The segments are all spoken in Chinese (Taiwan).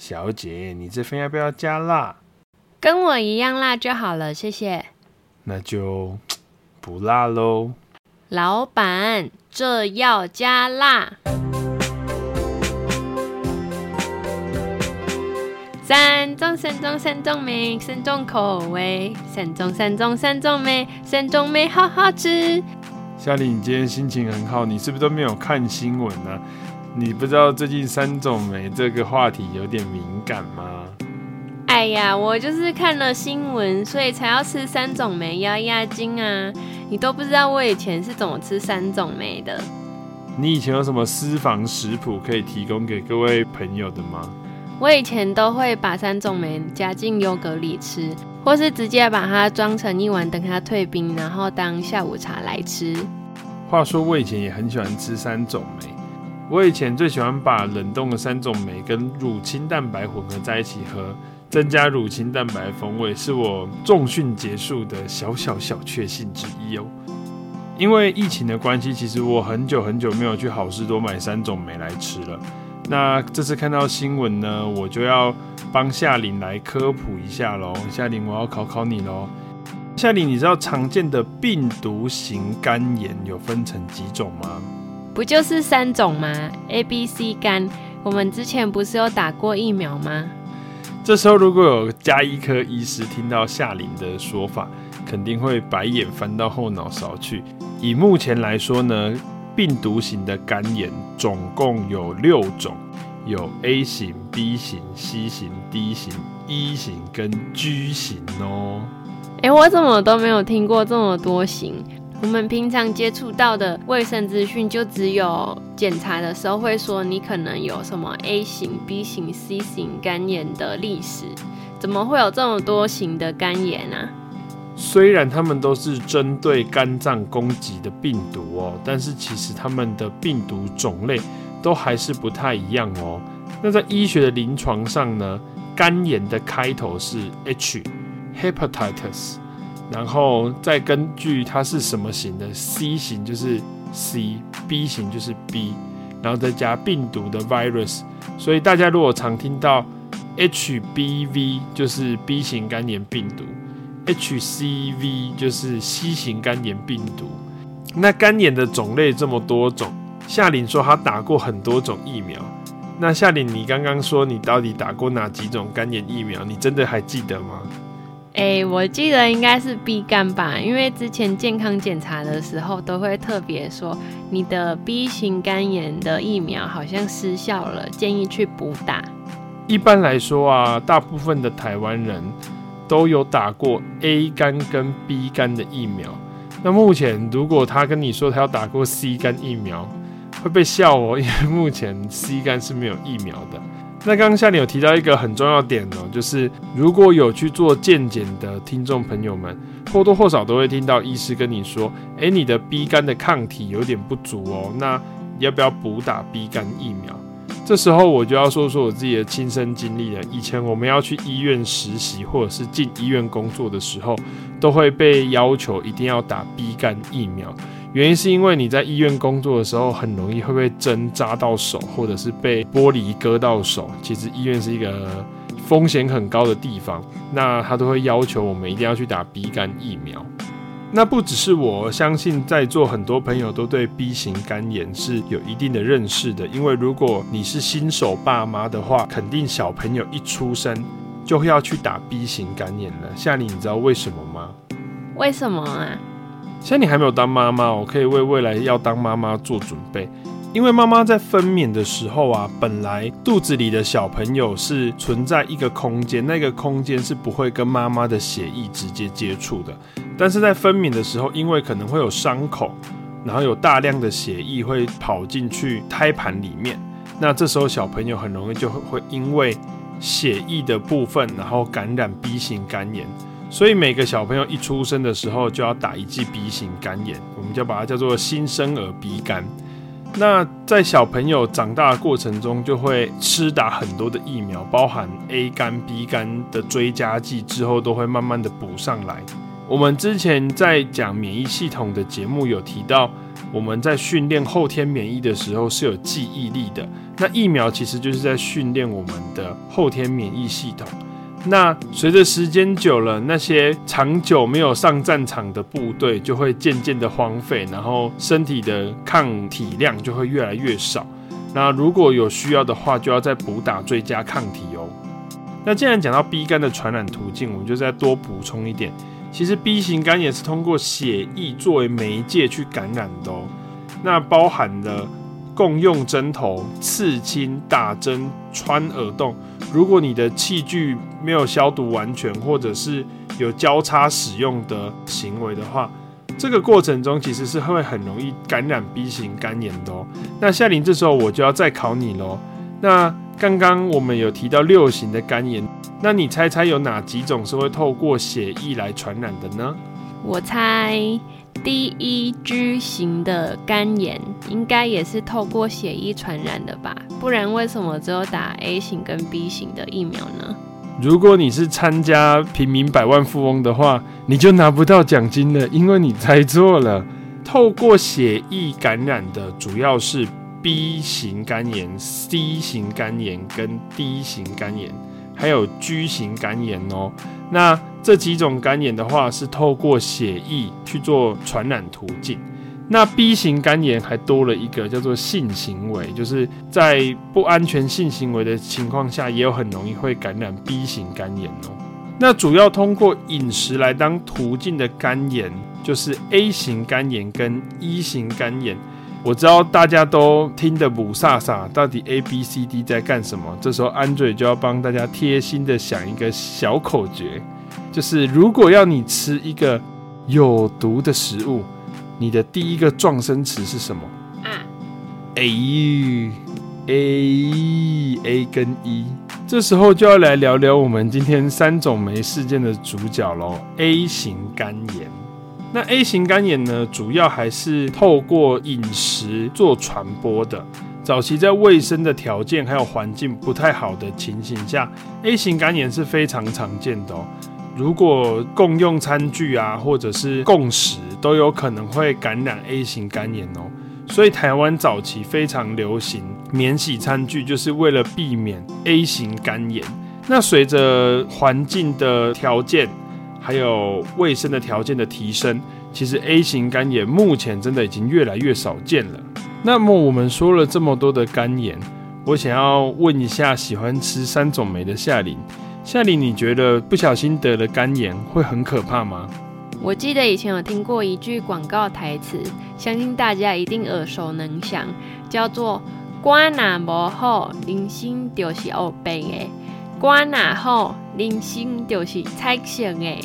小姐，你這份要不要加辣？跟我一樣辣就好了，謝謝。那就不辣嘍。老闆，這要加辣。三種三種三種味，三種口味，三種三種三種味，三種味好好吃。夏琳，你今天心情很好，你是不是都沒有看新聞呢、啊？你不知道最近三種莓這個話題有點敏感嗎？哎呀，我就是看了新聞，所以才要吃三種莓壓壓驚啊！你都不知道我以前是怎麼吃三種莓的。你以前有什麼私房食譜可以提供給各位朋友的嗎？我以前都會把三種莓加進優格裡吃，或是直接把它裝成一碗，等它退冰，然後當下午茶來吃。話說我以前也很喜歡吃三種莓。我以前最喜歡把冷凍的三種莓跟乳清蛋白混合在一起喝，增加乳清蛋白風味，是我重訓結束的小小小確幸之一哦。因為疫情的關係，其實我很久很久沒有去好市多買三種莓來吃了。那這次看到新聞呢，我就要幫夏琳來科普一下咯。夏琳，我要考考你咯。夏琳，你知道常見的病毒性肝炎有分成幾種嗎？不就是三種嗎？A、B、C 肝。我們之前不是有打過疫苗嗎？這時候如果有加一科醫師聽到夏琳的說法，肯定會白眼翻到後腦勺去。以目前來說呢，病毒型的肝炎總共有六種，有 A 型、B 型、C 型、D 型、E 型跟 G 型哦。欸，我怎麼都沒有聽過這麼多型？我們平常接觸到的衛生資訊，就只有檢查的時候會說你可能有什麼 A 型、B 型、C 型肝炎的歷史。怎麼會有這麼多型的肝炎啊？雖然他們都是針對肝臟攻擊的病毒哦，但是其實他們的病毒種類都還是不太一樣哦。那在醫學的臨床上呢，肝炎的開頭是 H，Hepatitis。然後再根據它是什麼型的，C 型就是 C，B 型就是 B，然後再加病毒的 virus。所以大家如果常聽到 HBV 就是 B 型肝炎病毒，HCV 就是 C 型肝炎病毒。那肝炎的種類這麼多種，夏琳說她打過很多種疫苗。那夏琳，你剛剛說你到底打過哪幾種肝炎疫苗？你真的還記得嗎？哎、欸，我記得應該是 B 肝吧，因為之前健康檢查的時候都會特別說，你的 B 型肝炎的疫苗好像失效了，建議去補打。一般來說啊，大部分的台灣人都有打過 A 肝跟 B 肝的疫苗。那目前如果他跟你說他要打過 C 肝疫苗，會被笑哦、喔，因為目前 C 肝是沒有疫苗的。那剛剛夏你有提到一個很重要的點哦、喔，就是如果有去做健檢的聽眾朋友們，或多或少都會聽到醫師跟你說，誒、欸，你的 B 肝的抗體有點不足哦、喔，那要不要補打 B 肝疫苗？這時候我就要說說我自己的親身經歷了，以前我們要去醫院實習或者是進醫院工作的時候，都會被要求一定要打 B 肝疫苗。原因是因為你在醫院工作的時候，很容易會被針扎到手，或者是被玻璃割到手。其實醫院是一個風險很高的地方，那他都會要求我們一定要去打 B 肝疫苗。那不只是我，相信在座很多朋友都對 B 型肝炎是有一定的認識的，因為如果你是新手爸媽的話，肯定小朋友一出生就會要去打 B 型肝炎了。像你，你知道為什麼嗎？為什麼啊？現在你還沒有當媽媽，我可以為未來要當媽媽做準備。因為媽媽在分娩的時候啊，本來肚子裡的小朋友是存在一個空間，那個空間是不會跟媽媽的血液直接接觸的。但是在分娩的時候，因為可能會有傷口，然後有大量的血液會跑進去胎盤裡面，那這時候小朋友很容易就會因為血液的部分，然後感染 B 型肝炎。所以每個小朋友一出生的時候就要打一劑 B 型肝炎。我們就把它叫做新生兒 B 肝。那在小朋友長大的過程中，就會吃打很多的疫苗，包含 A 肝、B 肝的追加劑，之後都會慢慢的補上來。我們之前在講免疫系統的節目有提到，我們在訓練後天免疫的時候是有記憶力的。那疫苗其實就是在訓練我們的後天免疫系統。那隨着時間久了，那些長久沒有上戰場的部隊就會漸漸的荒廢，然後身體的抗體量就會越來越少。那如果有需要的話，就要再補打追加抗體哦。那既然講到 B 肝的傳染途徑，我們就再多補充一點。其實 B 型肝也是通過血液作為媒介去感染的哦。那包含了。共用針頭、刺青、打針、穿耳洞，如果你的器具沒有消毒完全，或者是有交叉使用的行為的話，這個過程中其實是會很容易感染 B 型肝炎的喔。那夏琳，這時候我就要再考你咯。那剛剛我們有提到六型的肝炎，那你猜猜有哪幾種是會透過血液來傳染的呢？我猜。D、E、G 型的肝炎應該也是透過血液傳染的吧？不然為什麼只有打 A 型跟 B 型的疫苗呢？如果你是參加平民百萬富翁的話，你就拿不到獎金了，因為你猜錯了。透過血液感染的主要是 B 型肝炎、C 型肝炎跟 D 型肝炎，還有 G 型肝炎哦、喔。那這幾種肝炎的話，是透過血液去做傳染途徑。那 B 型肝炎還多了一個叫做性行為，就是在不安全性行為的情況下，也有很容易會感染 B 型肝炎哦。那主要通過飲食來當途徑的肝炎，就是 A 型肝炎跟 E 型肝炎。我知道大家都聽得不颯颯，到底 A B C D 在幹什麼？這時候安瑞就要幫大家貼心的想一個小口訣，就是如果要你吃一個有毒的食物，你的第一個撞聲詞是什麼？嗯，A E A A 跟 E，這時候就要來聊聊我們今天三種酶事件的主角咯 a 型肝炎。那 A 型肝炎呢，主要還是透過飲食做傳播的。早期在衛生的條件還有環境不太好的情形下，A 型肝炎是非常常見的哦。如果共用餐具啊，或者是共食，都有可能會感染 A 型肝炎哦。所以台灣早期非常流行免洗餐具，就是為了避免 A 型肝炎。那隨着環境的條件，還有衛生的條件的提升，其實 A 型肝炎目前真的已經越來越少見了。那麼我們說了這麼多的肝炎，我想要問一下喜歡吃三種莓的夏琳。夏琳，你覺得不小心得了肝炎會很可怕嗎？我記得以前有聽過一句廣告台詞，相信大家一定耳熟能詳，叫做“肝哪不好，人生就是黑白的，肝哪好。”人生就是彩色，哎，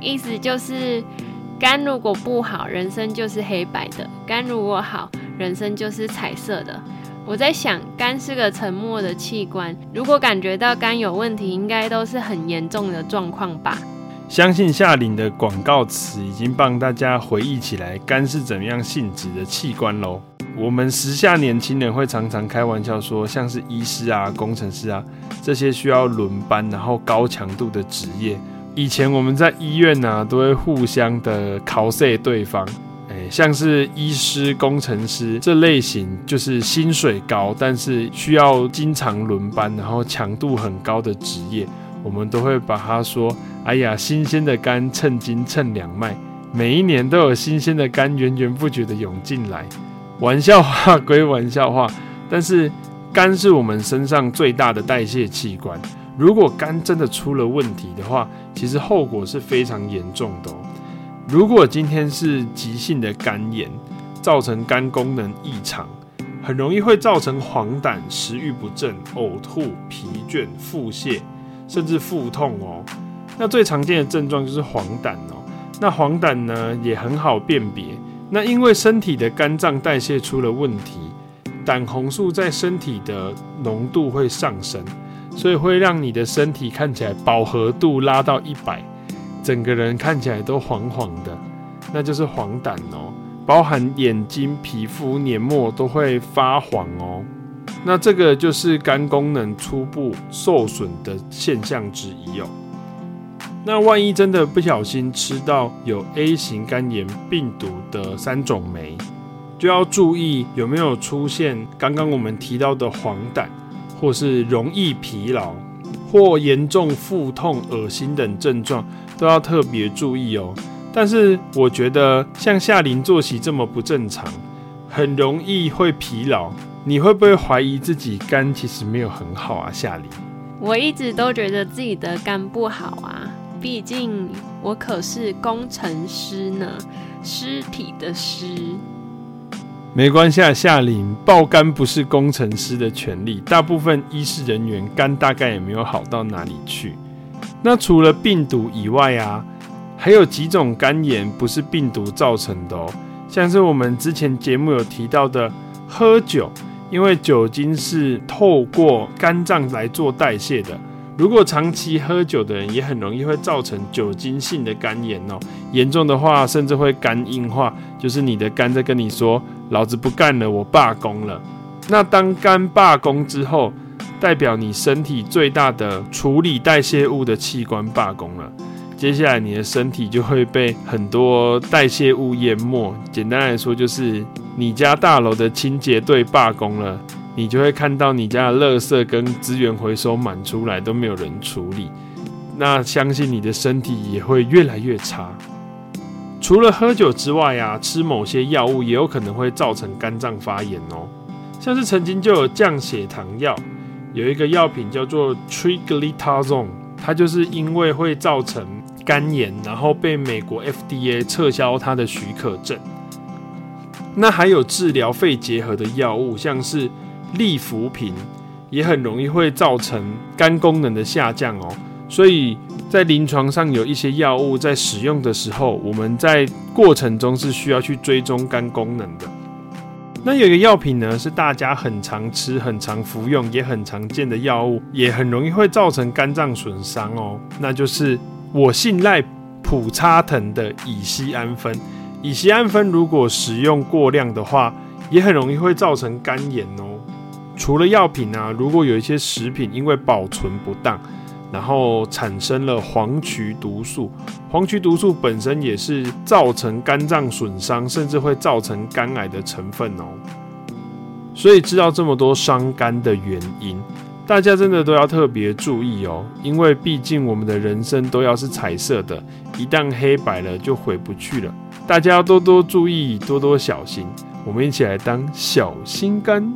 意思就是肝如果不好，人生就是黑白的；肝如果好，人生就是彩色的。我在想，肝是個沉默的器官，如果感覺到肝有問題，應該都是很嚴重的狀況吧？相信下令的廣告詞已經幫大家回憶起來，肝是怎麼樣性質的器官嘍？我們時下年輕人會常常開玩笑說，像是醫師啊、工程師啊這些需要輪班然後高強度的職業，以前我們在醫院呢、啊、都會互相的 cos 對方誒，像是醫師、工程師這類型，就是薪水高但是需要經常輪班然後強度很高的職業，我們都會把它說，哎呀，新鮮的肝秤斤秤兩賣，每一年都有新鮮的肝源源不絕地湧進來。玩笑話歸玩笑話，但是肝是我們身上最大的代謝器官。如果肝真的出了問題的話，其實後果是非常嚴重的哦。如果今天是急性的肝炎，造成肝功能異常，很容易會造成黃疸、食慾不振、嘔吐、疲倦、腹瀉，甚至腹痛哦。那最常見的症狀就是黃疸哦。那黃疸呢，也很好辨別。那因為身體的肝臟代謝出了問題，膽紅素在身體的濃度會上升，所以會讓你的身體看起來飽和度拉到一百，整個人看起來都黃黃的，那就是黃疸哦，包含眼睛、皮膚、黏膜都會發黃哦，那這個就是肝功能初步受損的現象之一哦。那萬一真的不小心吃到有 A 型肝炎病毒的三種酶，就要注意有沒有出現剛剛我們提到的黃疸，或是容易疲勞，或嚴重腹痛、噁心等症狀，都要特別注意哦。但是我覺得像夏林作息這麼不正常，很容易會疲勞，你會不會懷疑自己肝其實沒有很好啊，夏林？我一直都覺得自己的肝不好啊。畢竟我可是工程師呢，屍體的屍。沒關係啊，夏琳爆肝不是工程師的權利，大部分醫事人員肝大概也沒有好到哪裡去。那除了病毒以外啊，還有幾種肝炎不是病毒造成的哦，像是我們之前節目有提到的，喝酒，因為酒精是透過肝臟來做代謝的。如果長期喝酒的人，也很容易會造成酒精性的肝炎哦。嚴重的話，甚至會肝硬化，就是你的肝在跟你說：“老子不幹了，我罷工了。”那當肝罷工之後，代表你身體最大的處理代謝物的器官罷工了。接下來，你的身體就會被很多代謝物淹沒。簡單來說，就是你家大樓的清潔隊罷工了。你就會看到你家的垃圾跟資源回收滿出來都沒有人處理，那相信你的身體也會越來越差。除了喝酒之外啊，吃某些藥物也有可能會造成肝臟發炎哦、喔。像是曾經就有降血糖藥，有一個藥品叫做 Troglitazone，它就是因為會造成肝炎，然後被美國 FDA 撤銷它的許可證。那還有治療肺結核的藥物，像是。利福平，也很容易會造成肝功能的下降哦，所以在臨床上，有一些藥物在使用的時候，我們在過程中是需要去追蹤肝功能的。那有一個藥品呢，是大家很常吃、很常服用、也很常見的藥物，也很容易會造成肝臟損傷哦，那就是我信賴普拿疼的乙醯胺酚。乙醯胺酚如果使用過量的話，也很容易會造成肝炎哦。除了藥品啊，如果有一些食品因為保存不當，然後產生了黃曲毒素，黃曲毒素本身也是造成肝臟損傷，甚至會造成肝癌的成分哦。所以知道這麼多傷肝的原因，大家真的都要特別注意哦，因為畢竟我們的人生都要是彩色的，一旦黑白了就回不去了。大家要多多注意，多多小心，我們一起來當小心肝。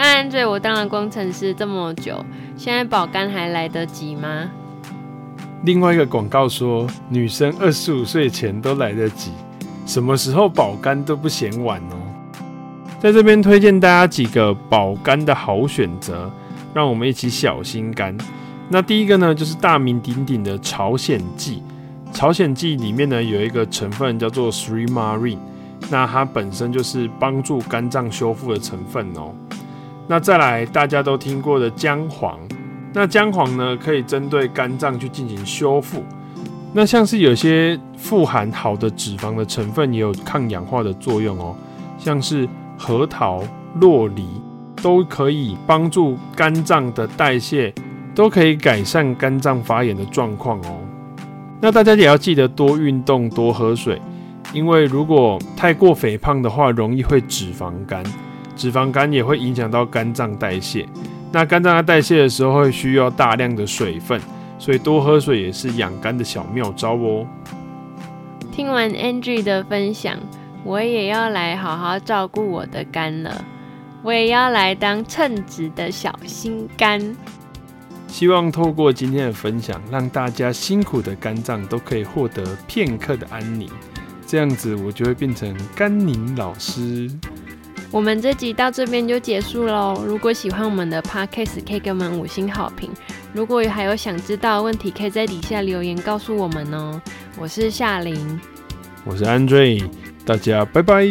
那所以，對，我當了工程師這麼久，現在保肝還來得及嗎？另外一個廣告說，女生二十五歲前都來得及，什麼時候保肝都不嫌晚哦、喔。在這邊推薦大家幾個保肝的好選擇，讓我們一起小心肝。那第一個呢，就是大名鼎鼎的朝鮮薊。朝鮮薊裡面呢，有一個成分叫做 Srimarine，那它本身就是幫助肝臟修復的成分哦、喔。那再來，大家都聽過的薑黃，那薑黃呢，可以針對肝臟去進行修復。那像是有些富含好的脂肪的成分，也有抗氧化的作用哦、喔。像是核桃、酪梨，都可以幫助肝臟的代謝，都可以改善肝臟發炎的狀況哦。那大家也要記得多運動、多喝水，因為如果太過肥胖的話，容易會脂肪肝。脂肪肝也會影響到肝臟代謝，那肝臟在代謝的時候會需要大量的水分，所以多喝水也是養肝的小妙招哦、喔。聽完 Andrew 的分享，我也要來好好照顧我的肝了，我也要來當稱職的小心肝。希望透過今天的分享，讓大家辛苦的肝臟都可以獲得片刻的安寧，這樣子我就會變成甘寧老師。我們這集到這邊就結束嘍。如果喜歡我們的 podcast，可以給我們五星好評。如果還有想知道問題，可以在底下留言告訴我們哦。我是夏琳，我是安瑞，大家拜拜。